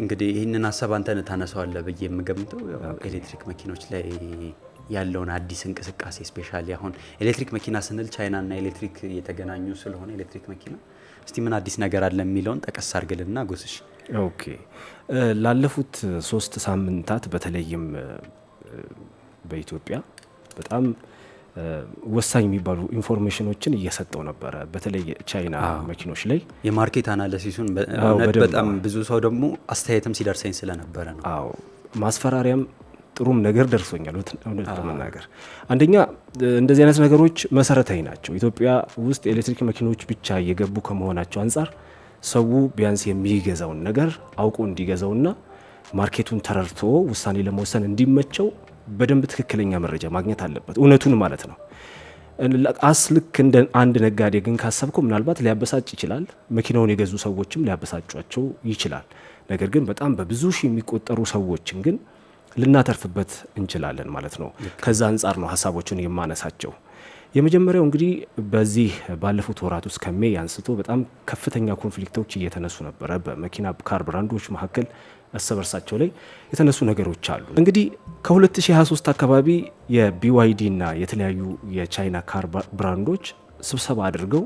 እንግዲህ ይህንን ሀሳብ አንተን ታነሰዋለ ብዬ የምገምተው ኤሌክትሪክ መኪኖች ላይ ያለውን አዲስ እንቅስቃሴ ስፔሻሊ አሁን ኤሌክትሪክ መኪና ስንል ቻይናና ኤሌክትሪክ የተገናኙ ስለሆነ ኤሌክትሪክ መኪና እስቲ ምን አዲስ ነገር አለ የሚለውን ጠቀስ አርግልና ጎስሽ። ኦኬ ላለፉት ሶስት ሳምንታት በተለይም በኢትዮጵያ በጣም ወሳኝ የሚባሉ ኢንፎርሜሽኖችን እየሰጠው ነበረ። በተለይ ቻይና መኪኖች ላይ የማርኬት አናለሲሱን በጣም ብዙ ሰው ደግሞ አስተያየትም ሲደርሰኝ ስለነበረ ነው። አዎ ማስፈራሪያም ጥሩም ነገር ደርሶኛል። እውነት ለመናገር አንደኛ እንደዚህ አይነት ነገሮች መሰረታዊ ናቸው። ኢትዮጵያ ውስጥ ኤሌክትሪክ መኪኖች ብቻ እየገቡ ከመሆናቸው አንጻር ሰው ቢያንስ የሚገዛውን ነገር አውቆ እንዲገዛውና ማርኬቱን ተረድቶ ውሳኔ ለመወሰን እንዲመቸው በደንብ ትክክለኛ መረጃ ማግኘት አለበት፣ እውነቱን ማለት ነው። አስልክ እንደ አንድ ነጋዴ ግን ካሰብኩ ምናልባት ሊያበሳጭ ይችላል። መኪናውን የገዙ ሰዎችም ሊያበሳጯቸው ይችላል። ነገር ግን በጣም በብዙ ሺህ የሚቆጠሩ ሰዎችን ግን ልናተርፍበት እንችላለን ማለት ነው። ከዛ አንጻር ነው ሀሳቦችን የማነሳቸው። የመጀመሪያው እንግዲህ በዚህ ባለፉት ወራት ውስጥ ከሜ አንስቶ በጣም ከፍተኛ ኮንፍሊክቶች እየተነሱ ነበረ በመኪና ካር ብራንዶች መካከል እርስ በርሳቸው ላይ የተነሱ ነገሮች አሉ። እንግዲህ ከ2023 አካባቢ የቢዋይዲ እና የተለያዩ የቻይና ካር ብራንዶች ስብሰባ አድርገው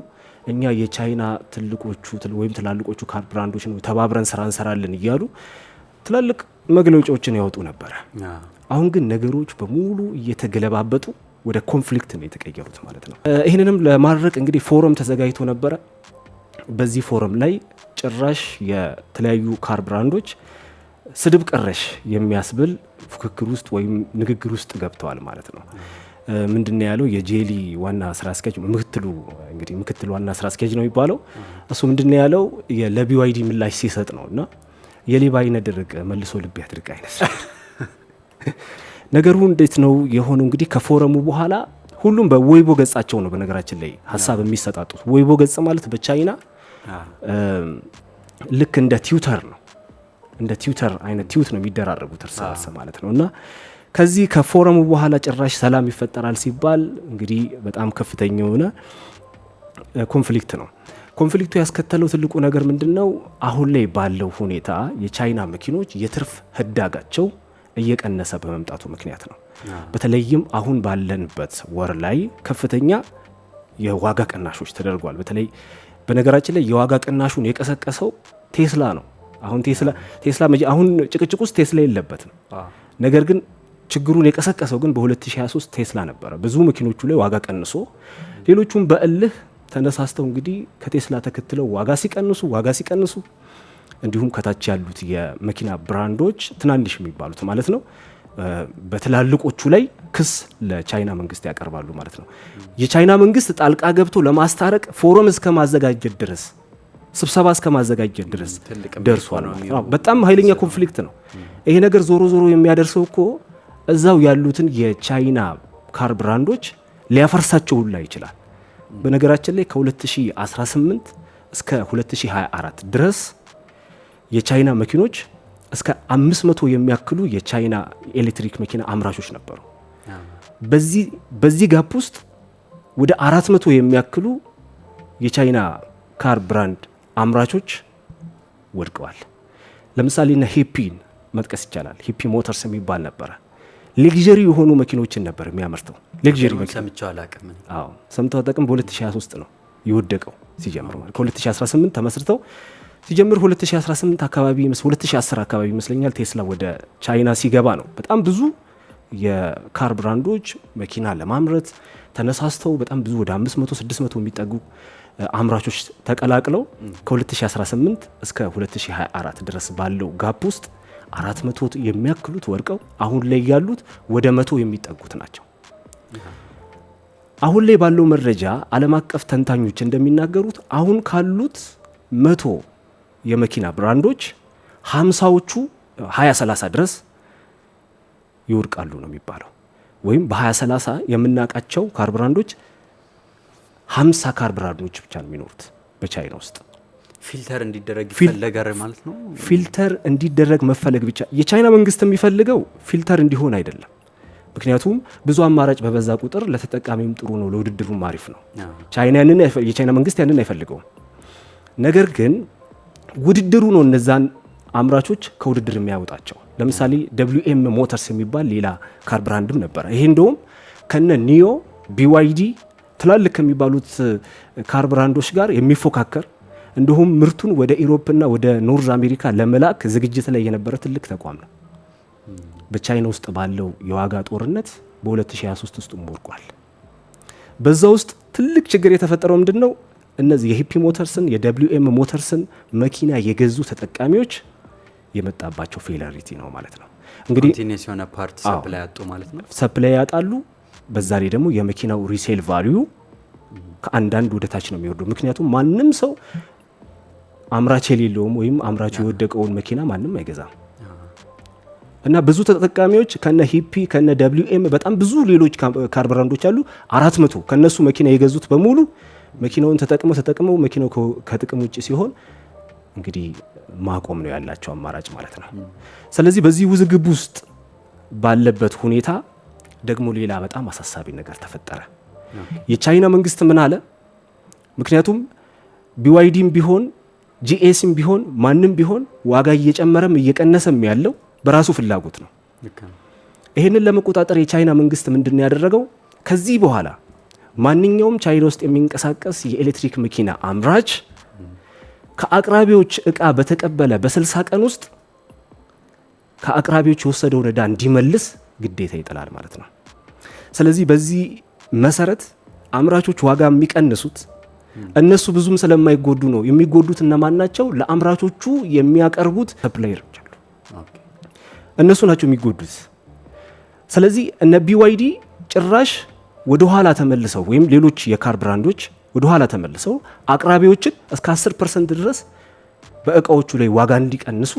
እኛ የቻይና ትልቆቹ ወይም ትላልቆቹ ካር ብራንዶች ነው ተባብረን ስራ እንሰራለን እያሉ ትላልቅ መግለጫዎችን ያወጡ ነበረ። አሁን ግን ነገሮች በሙሉ እየተገለባበጡ ወደ ኮንፍሊክት ነው የተቀየሩት ማለት ነው። ይህንንም ለማድረግ እንግዲህ ፎረም ተዘጋጅቶ ነበረ። በዚህ ፎረም ላይ ጭራሽ የተለያዩ ካር ብራንዶች ስድብ ቀረሽ የሚያስብል ፉክክር ውስጥ ወይም ንግግር ውስጥ ገብተዋል ማለት ነው። ምንድን ያለው የጄሊ ዋና ስራ አስኪያጅ ምክትሉ እንግዲህ ምክትሉ ዋና ስራ አስኪያጅ ነው የሚባለው እሱ ምንድን ያለው ለቢዋይዲ ምላሽ ሲሰጥ ነው እና የሌባ አይነ ደረቀ መልሶ ልብ ያድርቅ አይነት ነገሩ እንዴት ነው የሆነው? እንግዲህ ከፎረሙ በኋላ ሁሉም በወይቦ ገጻቸው ነው በነገራችን ላይ ሀሳብ የሚሰጣጡት። ወይቦ ገጽ ማለት በቻይና ልክ እንደ ትዊተር ነው እንደ ቲዩተር አይነት ቲዩት ነው የሚደራረጉት እርስ በርስ ማለት ነው እና ከዚህ ከፎረሙ በኋላ ጭራሽ ሰላም ይፈጠራል ሲባል እንግዲህ በጣም ከፍተኛ የሆነ ኮንፍሊክት ነው። ኮንፍሊክቱ ያስከተለው ትልቁ ነገር ምንድን ነው? አሁን ላይ ባለው ሁኔታ የቻይና መኪኖች የትርፍ ህዳጋቸው እየቀነሰ በመምጣቱ ምክንያት ነው። በተለይም አሁን ባለንበት ወር ላይ ከፍተኛ የዋጋ ቅናሾች ተደርጓል። በተለይ በነገራችን ላይ የዋጋ ቅናሹን የቀሰቀሰው ቴስላ ነው። አሁን ቴስላ ቴስላ አሁን ጭቅጭቅ ውስጥ ቴስላ የለበትም። ነገር ግን ችግሩን የቀሰቀሰው ግን በ2023 ቴስላ ነበረ። ብዙ መኪኖቹ ላይ ዋጋ ቀንሶ ሌሎቹም በእልህ ተነሳስተው እንግዲህ ከቴስላ ተከትለው ዋጋ ሲቀንሱ ዋጋ ሲቀንሱ እንዲሁም ከታች ያሉት የመኪና ብራንዶች ትናንሽ የሚባሉት ማለት ነው በትላልቆቹ ላይ ክስ ለቻይና መንግስት ያቀርባሉ ማለት ነው። የቻይና መንግስት ጣልቃ ገብቶ ለማስታረቅ ፎረም እስከ ማዘጋጀት ድረስ ስብሰባ እስከ ማዘጋጀት ድረስ ደርሷል ማለት ነው። በጣም ኃይለኛ ኮንፍሊክት ነው ይሄ ነገር። ዞሮ ዞሮ የሚያደርሰው እኮ እዛው ያሉትን የቻይና ካር ብራንዶች ሊያፈርሳቸው ሁላ ይችላል። በነገራችን ላይ ከ2018 እስከ 2024 ድረስ የቻይና መኪኖች እስከ 500 የሚያክሉ የቻይና ኤሌክትሪክ መኪና አምራቾች ነበሩ። በዚህ በዚህ ጋፕ ውስጥ ወደ 400 የሚያክሉ የቻይና ካር ብራንድ አምራቾች ወድቀዋል። ለምሳሌ ና ሂፒን መጥቀስ ይቻላል። ሂፒ ሞተርስ የሚባል ነበረ። ሌግሪ የሆኑ መኪኖችን ነበር የሚያመርተው። ሌግሪ ሰምተው አጠቅም በ2023 ነው የወደቀው ሲጀምር ከ2018 ተመስርተው ሲጀምር 2018 አካባቢ 2010 አካባቢ ይመስለኛል ቴስላ ወደ ቻይና ሲገባ ነው በጣም ብዙ የካር ብራንዶች መኪና ለማምረት ተነሳስተው በጣም ብዙ ወደ 500 600 የሚጠጉ አምራቾች ተቀላቅለው ከ2018 እስከ 2024 ድረስ ባለው ጋፕ ውስጥ 400 የሚያክሉት ወድቀው አሁን ላይ ያሉት ወደ መቶ የሚጠጉት ናቸው። አሁን ላይ ባለው መረጃ ዓለም አቀፍ ተንታኞች እንደሚናገሩት አሁን ካሉት መቶ የመኪና ብራንዶች ሀምሳዎቹ 2030 ድረስ ይወድቃሉ ነው የሚባለው። ወይም በ2030 የምናውቃቸው ካርብራንዶች 50 ካርብራንዶች ብቻ ነው የሚኖሩት በቻይና ውስጥ። ፊልተር እንዲደረግ ይፈለጋል ማለት ነው። ፊልተር እንዲደረግ መፈለግ ብቻ የቻይና መንግስት የሚፈልገው ፊልተር እንዲሆን አይደለም። ምክንያቱም ብዙ አማራጭ በበዛ ቁጥር ለተጠቃሚም ጥሩ ነው፣ ለውድድሩም አሪፍ ነው። ቻይና ያንን የቻይና መንግስት ያንን አይፈልገውም። ነገር ግን ውድድሩ ነው እነዛን አምራቾች ከውድድር የሚያወጣቸው። ለምሳሌ ደብሊው ኤም ሞተርስ የሚባል ሌላ ካር ብራንድም ነበረ። ይሄ እንደውም ከነ ኒዮ ቢዋይዲ ትላልቅ ከሚባሉት ካር ብራንዶች ጋር የሚፎካከር እንዲሁም ምርቱን ወደ ኢሮፕና ወደ ኖርዝ አሜሪካ ለመላክ ዝግጅት ላይ የነበረ ትልቅ ተቋም ነው። በቻይና ውስጥ ባለው የዋጋ ጦርነት በ2023 ውስጥም ወድቋል። በዛ ውስጥ ትልቅ ችግር የተፈጠረው ምንድን ነው? እነዚህ የሂፒ ሞተርስን የደብሊው ኤም ሞተርስን መኪና የገዙ ተጠቃሚዎች የመጣባቸው ፌለሪቲ ነው ማለት ነው። እንግዲህ የሆነ ፓርት ሰፕላይ ያጡ ማለት ነው። ሰፕላይ ያጣሉ። በዛ ላይ ደግሞ የመኪናው ሪሴል ቫሊዩ ከአንዳንድ ወደታች ነው የሚወርዱ። ምክንያቱም ማንም ሰው አምራች የሌለውም ወይም አምራቹ የወደቀውን መኪና ማንም አይገዛም እና ብዙ ተጠቃሚዎች ከነ ሂፒ ከነ ደብሊው ኤም በጣም ብዙ ሌሎች ካር ብራንዶች አሉ። አራት መቶ ከነሱ መኪና የገዙት በሙሉ መኪናውን ተጠቅመው ተጠቅመው መኪናው ከጥቅም ውጭ ሲሆን እንግዲህ ማቆም ነው ያላቸው አማራጭ ማለት ነው። ስለዚህ በዚህ ውዝግብ ውስጥ ባለበት ሁኔታ ደግሞ ሌላ በጣም አሳሳቢ ነገር ተፈጠረ። የቻይና መንግስት ምን አለ? ምክንያቱም ቢዋይዲም ቢሆን ጂኤስም ቢሆን ማንም ቢሆን ዋጋ እየጨመረም እየቀነሰም ያለው በራሱ ፍላጎት ነው። ይህንን ለመቆጣጠር የቻይና መንግስት ምንድን ነው ያደረገው? ከዚህ በኋላ ማንኛውም ቻይና ውስጥ የሚንቀሳቀስ የኤሌክትሪክ መኪና አምራች ከአቅራቢዎች እቃ በተቀበለ በስልሳ ቀን ውስጥ ከአቅራቢዎች የወሰደውን ወረዳ እንዲመልስ ግዴታ ይጥላል ማለት ነው። ስለዚህ በዚህ መሰረት አምራቾች ዋጋ የሚቀንሱት እነሱ ብዙም ስለማይጎዱ ነው። የሚጎዱት እነማን ናቸው? ለአምራቾቹ የሚያቀርቡት ሰፕላየሮች አሉ። እነሱ ናቸው የሚጎዱት። ስለዚህ እነ ቢዋይዲ ጭራሽ ወደኋላ ተመልሰው ወይም ሌሎች የካር ብራንዶች ወደ ኋላ ተመልሰው አቅራቢዎችን እስከ 10 ፐርሰንት ድረስ በእቃዎቹ ላይ ዋጋ እንዲቀንሱ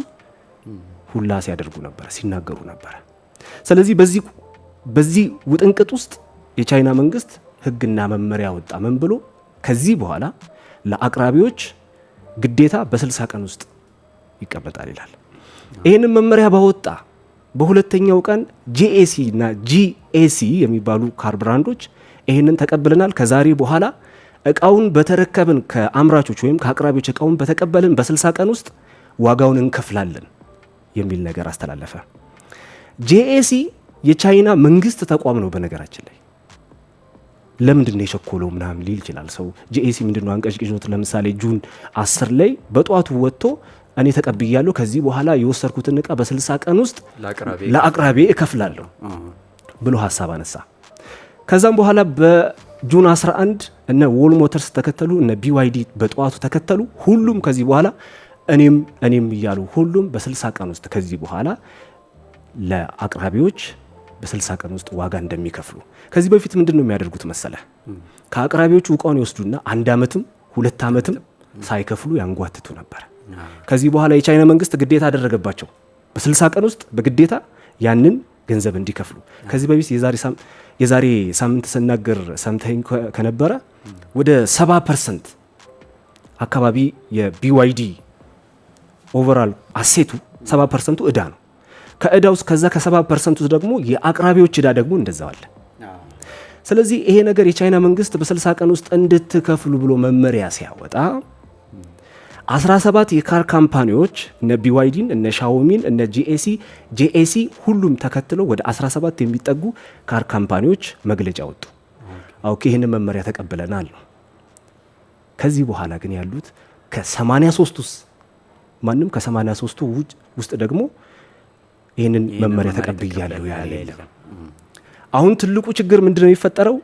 ሁላ ሲያደርጉ ነበረ፣ ሲናገሩ ነበረ። ስለዚህ በዚህ በዚህ ውጥንቅጥ ውስጥ የቻይና መንግስት ህግና መመሪያ ወጣ። ምን ብሎ ከዚህ በኋላ ለአቅራቢዎች ግዴታ በ60 ቀን ውስጥ ይቀመጣል ይላል። ይህንን መመሪያ ባወጣ በሁለተኛው ቀን ጂኤሲ እና ጂኤሲ የሚባሉ ካር ብራንዶች ይህንን ተቀብለናል ከዛሬ በኋላ እቃውን በተረከብን ከአምራቾች ወይም ከአቅራቢዎች እቃውን በተቀበልን በስልሳ ቀን ውስጥ ዋጋውን እንከፍላለን የሚል ነገር አስተላለፈ። ጄኤሲ የቻይና መንግስት ተቋም ነው። በነገራችን ላይ ለምንድን ነው የቸኮለው ምናምን ሊል ይችላል ሰው። ጄኤሲ ምንድን ነው አንቀጭቅዞት፣ ለምሳሌ ጁን 10 ላይ በጠዋቱ ወጥቶ እኔ ተቀብያለሁ፣ ከዚህ በኋላ የወሰድኩትን እቃ በስልሳ ቀን ውስጥ ለአቅራቢ እከፍላለሁ ብሎ ሀሳብ አነሳ። ከዛም በኋላ ጁን 11 እነ ዎል ሞተርስ ተከተሉ፣ እነ ቢዋይዲ በጠዋቱ ተከተሉ። ሁሉም ከዚህ በኋላ እኔም እኔም እያሉ ሁሉም በ60 ቀን ውስጥ ከዚህ በኋላ ለአቅራቢዎች በ60 ቀን ውስጥ ዋጋ እንደሚከፍሉ። ከዚህ በፊት ምንድን ነው የሚያደርጉት መሰለ? ከአቅራቢዎቹ እቃውን ይወስዱና አንድ አመትም ሁለት ዓመትም ሳይከፍሉ ያንጓትቱ ነበር። ከዚህ በኋላ የቻይና መንግስት ግዴታ አደረገባቸው። በ60 ቀን ውስጥ በግዴታ ያንን ገንዘብ እንዲከፍሉ። ከዚህ በፊት የዛሬ ሳምንት ስናገር ሰምተኝ ከነበረ ወደ ሰባ ፐርሰንት አካባቢ የቢዋይዲ ኦቨራል አሴቱ ሰባ ፐርሰንቱ እዳ ነው። ከእዳ ውስጥ ከዛ ከሰባ ፐርሰንት ውስጥ ደግሞ የአቅራቢዎች እዳ ደግሞ እንደዛዋለ። ስለዚህ ይሄ ነገር የቻይና መንግስት በ60 ቀን ውስጥ እንድትከፍሉ ብሎ መመሪያ ሲያወጣ 17 የካር ካምፓኒዎች እነ ቢዋይዲን እነ ሻውሚን እነ ጂኤሲ ጂኤሲ ሁሉም ተከትለው ወደ 17 የሚጠጉ ካር ካምፓኒዎች መግለጫ ወጡ። አውቄ ይህን መመሪያ ተቀብለናል ነው። ከዚህ በኋላ ግን ያሉት ከ83 ውስጥ ማንም ከ83ቱ ውስጥ ደግሞ ይህንን መመሪያ ተቀብያለሁ ያለ የለም። አሁን ትልቁ ችግር ምንድን ነው የሚፈጠረው?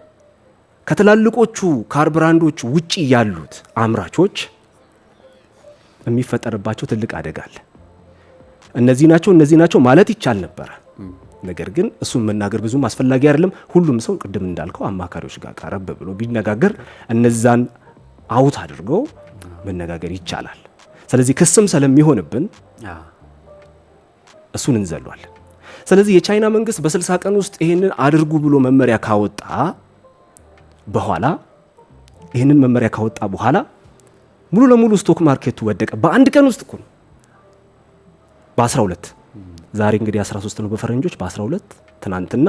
ከትላልቆቹ ካር ብራንዶች ውጪ ያሉት አምራቾች የሚፈጠርባቸው ትልቅ አደጋ አለ። እነዚህ ናቸው እነዚህ ናቸው ማለት ይቻል ነበረ። ነገር ግን እሱን መናገር ብዙም አስፈላጊ አይደለም። ሁሉም ሰው ቅድም እንዳልከው አማካሪዎች ጋር ቀረብ ብሎ ቢነጋገር እነዛን አውት አድርገው መነጋገር ይቻላል። ስለዚህ ክስም ስለሚሆንብን እሱን እንዘሏል ስለዚህ የቻይና መንግስት በስልሳ ቀን ውስጥ ይህንን አድርጉ ብሎ መመሪያ ካወጣ በኋላ ይህንን መመሪያ ካወጣ በኋላ ሙሉ ለሙሉ ስቶክ ማርኬቱ ወደቀ። በአንድ ቀን ውስጥ እኮ ነው በ12 ዛሬ እንግዲህ 13 ነው በፈረንጆች በ12 ትናንትና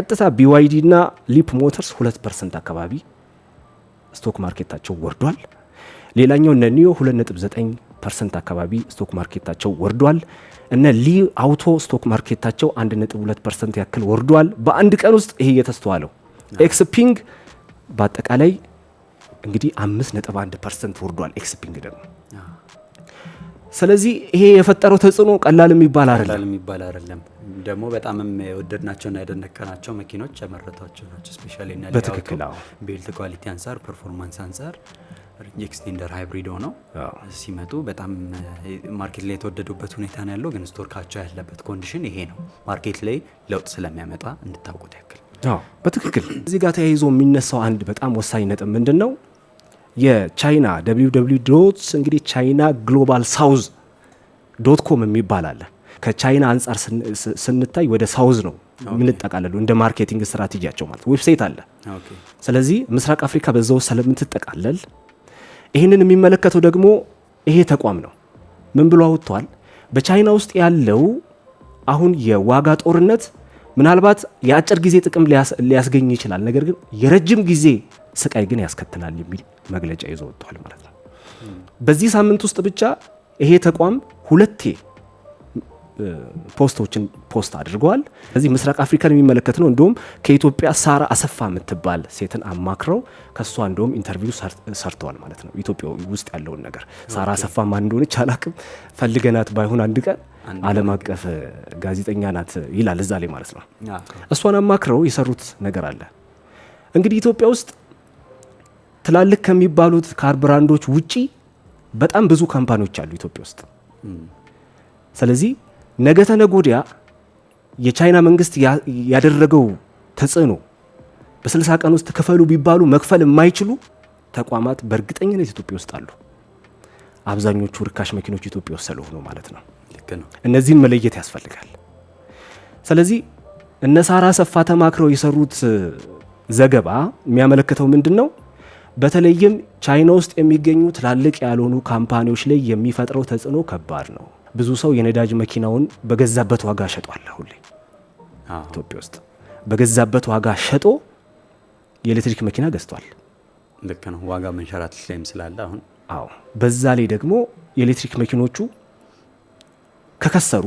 ቀጥታ ቢዋይዲ እና ሊፕ ሞተርስ 2 ፐርሰንት አካባቢ ስቶክ ማርኬታቸው ወርዷል። ሌላኛው እነ ኒዮ 2.9 ፐርሰንት አካባቢ ስቶክ ማርኬታቸው ወርዷል። እነ ሊ አውቶ ስቶክ ማርኬታቸው 1.2 ፐርሰንት ያክል ወርዷል። በአንድ ቀን ውስጥ ይሄ የተስተዋለው ኤክስፒንግ በአጠቃላይ እንግዲህ አምስት ነጥብ አንድ ፐርሰንት ወርዷል ኤክስፒንግ ደግሞ ስለዚህ ይሄ የፈጠረው ተጽዕኖ ቀላል የሚባል አይደለም። ደግሞ በጣም የወደድናቸውና ያደነቀናቸው መኪኖች ያመረቷቸው ናቸው። ስፔሻሊ በትክክል ቤልት ኳሊቲ አንጻር፣ ፐርፎርማንስ አንጻር ኤክስቴንደር ሃይብሪድ ሆነው ሲመጡ በጣም ማርኬት ላይ የተወደዱበት ሁኔታ ነው ያለው። ግን ስቶርካቸው ያለበት ኮንዲሽን ይሄ ነው። ማርኬት ላይ ለውጥ ስለሚያመጣ እንድታውቁት ያክል። በትክክል እዚህ ጋር ተያይዞ የሚነሳው አንድ በጣም ወሳኝ ነጥብ ምንድን ነው? የቻይና ደብሊው ደብሊው እንግዲህ ቻይና ግሎባል ሳውዝ ዶት ኮም የሚባል አለ። ከቻይና አንጻር ስንታይ ወደ ሳውዝ ነው የምንጠቃለሉ እንደ ማርኬቲንግ ስትራቴጂያቸው ማለት ዌብሳይት አለ። ስለዚህ ምስራቅ አፍሪካ በዛ ስለምትጠቃለል ይህንን የሚመለከተው ደግሞ ይሄ ተቋም ነው። ምን ብሎ አውጥቷል? በቻይና ውስጥ ያለው አሁን የዋጋ ጦርነት ምናልባት የአጭር ጊዜ ጥቅም ሊያስገኝ ይችላል። ነገር ግን የረጅም ጊዜ ስቃይ ግን ያስከትላል የሚል መግለጫ ይዞ ወጥቷል ማለት ነው። በዚህ ሳምንት ውስጥ ብቻ ይሄ ተቋም ሁለቴ ፖስቶችን ፖስት አድርገዋል። ከዚህ ምስራቅ አፍሪካን የሚመለከት ነው። እንዲሁም ከኢትዮጵያ ሳራ አሰፋ የምትባል ሴትን አማክረው ከእሷ እንዲሁም ኢንተርቪው ሰርተዋል ማለት ነው። ኢትዮጵያ ውስጥ ያለውን ነገር ሳራ አሰፋ ማን እንደሆነች አላቅም። ፈልገናት ባይሆን አንድ ቀን ዓለም አቀፍ ጋዜጠኛ ናት ይላል እዛ ላይ ማለት ነው። እሷን አማክረው የሰሩት ነገር አለ እንግዲህ ኢትዮጵያ ውስጥ ትላልቅ ከሚባሉት ካር ብራንዶች ውጪ በጣም ብዙ ካምፓኒዎች አሉ ኢትዮጵያ ውስጥ። ስለዚህ ነገ ተነጎዲያ የቻይና መንግስት ያደረገው ተጽዕኖ በስልሳ ቀን ውስጥ ክፈሉ ቢባሉ መክፈል የማይችሉ ተቋማት በእርግጠኝነት ኢትዮጵያ ውስጥ አሉ። አብዛኞቹ ርካሽ መኪኖች ኢትዮጵያ ውስጥ ስለሆኑ ማለት ነው። እነዚህን መለየት ያስፈልጋል። ስለዚህ እነ ሳራ ሰፋ ተማክረው የሰሩት ዘገባ የሚያመለክተው ምንድን ነው? በተለይም ቻይና ውስጥ የሚገኙ ትላልቅ ያልሆኑ ካምፓኒዎች ላይ የሚፈጥረው ተጽዕኖ ከባድ ነው። ብዙ ሰው የነዳጅ መኪናውን በገዛበት ዋጋ ሸጧል። አሁን ላይ ኢትዮጵያ ውስጥ በገዛበት ዋጋ ሸጦ የኤሌክትሪክ መኪና ገዝቷል። ልክ ነው። ዋጋ መንሸራት ላይም ስላለ አሁን አዎ፣ በዛ ላይ ደግሞ የኤሌክትሪክ መኪኖቹ ከከሰሩ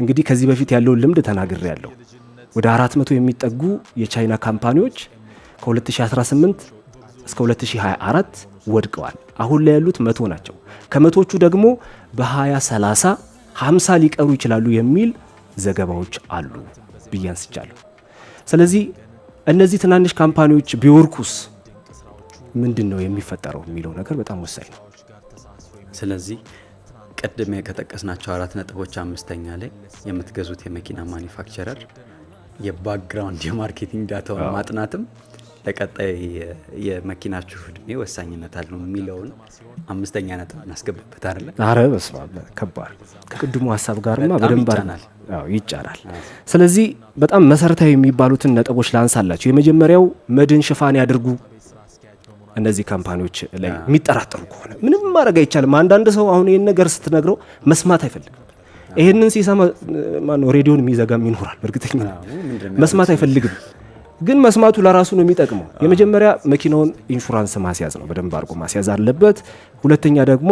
እንግዲህ ከዚህ በፊት ያለውን ልምድ ተናግሬ ያለው ወደ 400 የሚጠጉ የቻይና ካምፓኒዎች ከ2018 እስከ 2024 ወድቀዋል። አሁን ላይ ያሉት መቶ ናቸው። ከመቶቹ ደግሞ በ2030 50 ሊቀሩ ይችላሉ የሚል ዘገባዎች አሉ ብዬ አንስቻለሁ። ስለዚህ እነዚህ ትናንሽ ካምፓኒዎች ቢወርኩስ ምንድን ነው የሚፈጠረው የሚለው ነገር በጣም ወሳኝ ነው። ስለዚህ ቅድም ከጠቀስናቸው አራት ነጥቦች አምስተኛ ላይ የምትገዙት የመኪና ማኒፋክቸረር የባክግራውንድ የማርኬቲንግ ዳታውን ማጥናትም ለቀጣይ የመኪናችሁ እድሜ ወሳኝነት አለው የሚለውን አምስተኛ ነጥብ እናስገባበት አለ። አረ በስመ አብ ከባድ ከቅድሙ ሀሳብ ጋርማ በደንብ ይጫራል። ስለዚህ በጣም መሰረታዊ የሚባሉትን ነጥቦች ላንሳላቸው። የመጀመሪያው መድን ሽፋን ያድርጉ። እነዚህ ካምፓኒዎች ላይ የሚጠራጠሩ ከሆነ ምንም ማድረግ አይቻልም። አንዳንድ ሰው አሁን ይህን ነገር ስትነግረው መስማት አይፈልግም። ይህንን ሲሰማ ሬዲዮን የሚዘጋም ይኖራል። በእርግጠኛ መስማት አይፈልግም። ግን መስማቱ ለራሱ ነው የሚጠቅመው። የመጀመሪያ መኪናውን ኢንሹራንስ ማስያዝ ነው፣ በደንብ አድርጎ ማስያዝ አለበት። ሁለተኛ ደግሞ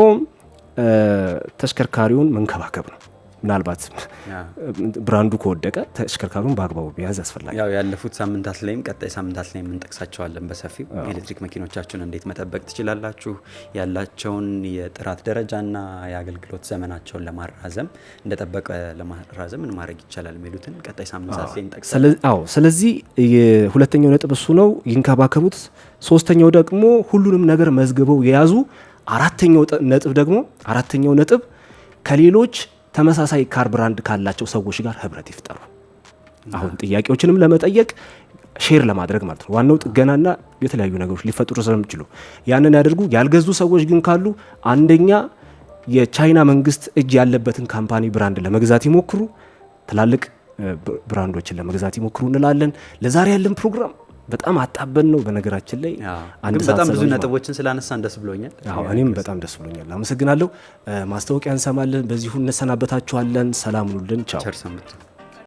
ተሽከርካሪውን መንከባከብ ነው። ምናልባት ብራንዱ ከወደቀ ተሽከርካሪውን በአግባቡ ቢያዝ ያስፈላል። ያው ያለፉት ሳምንታት ላይም ቀጣይ ሳምንታት ላይ የምንጠቅሳቸዋለን በሰፊው የኤሌክትሪክ መኪኖቻችሁን እንዴት መጠበቅ ትችላላችሁ፣ ያላቸውን የጥራት ደረጃና የአገልግሎት ዘመናቸውን ለማራዘም እንደጠበቀ ለማራዘም ምን ማድረግ ይቻላል የሚሉትን ቀጣይ ሳምንታት ላይ እንጠቅሳለን። ስለዚህ ሁለተኛው ነጥብ እሱ ነው፣ ይንከባከቡት። ሶስተኛው ደግሞ ሁሉንም ነገር መዝግበው የያዙ አራተኛው ነጥብ ደግሞ አራተኛው ነጥብ ከሌሎች ተመሳሳይ ካር ብራንድ ካላቸው ሰዎች ጋር ህብረት ይፍጠሩ። አሁን ጥያቄዎችንም ለመጠየቅ ሼር ለማድረግ ማለት ነው። ዋናው ጥገናና የተለያዩ ነገሮች ሊፈጥሩ ስለሚችሉ ያንን ያደርጉ። ያልገዙ ሰዎች ግን ካሉ አንደኛ የቻይና መንግስት እጅ ያለበትን ካምፓኒ ብራንድ ለመግዛት ይሞክሩ። ትላልቅ ብራንዶችን ለመግዛት ይሞክሩ እንላለን። ለዛሬ ያለን ፕሮግራም በጣም አጣበን ነው። በነገራችን ላይ በጣም ብዙ ነጥቦችን ስላነሳ ደስ ብሎኛል። እኔም በጣም ደስ ብሎኛል። አመሰግናለሁ። ማስታወቂያ እንሰማለን። በዚሁ እንሰናበታችኋለን። ሰላም ኑልን። ቻው።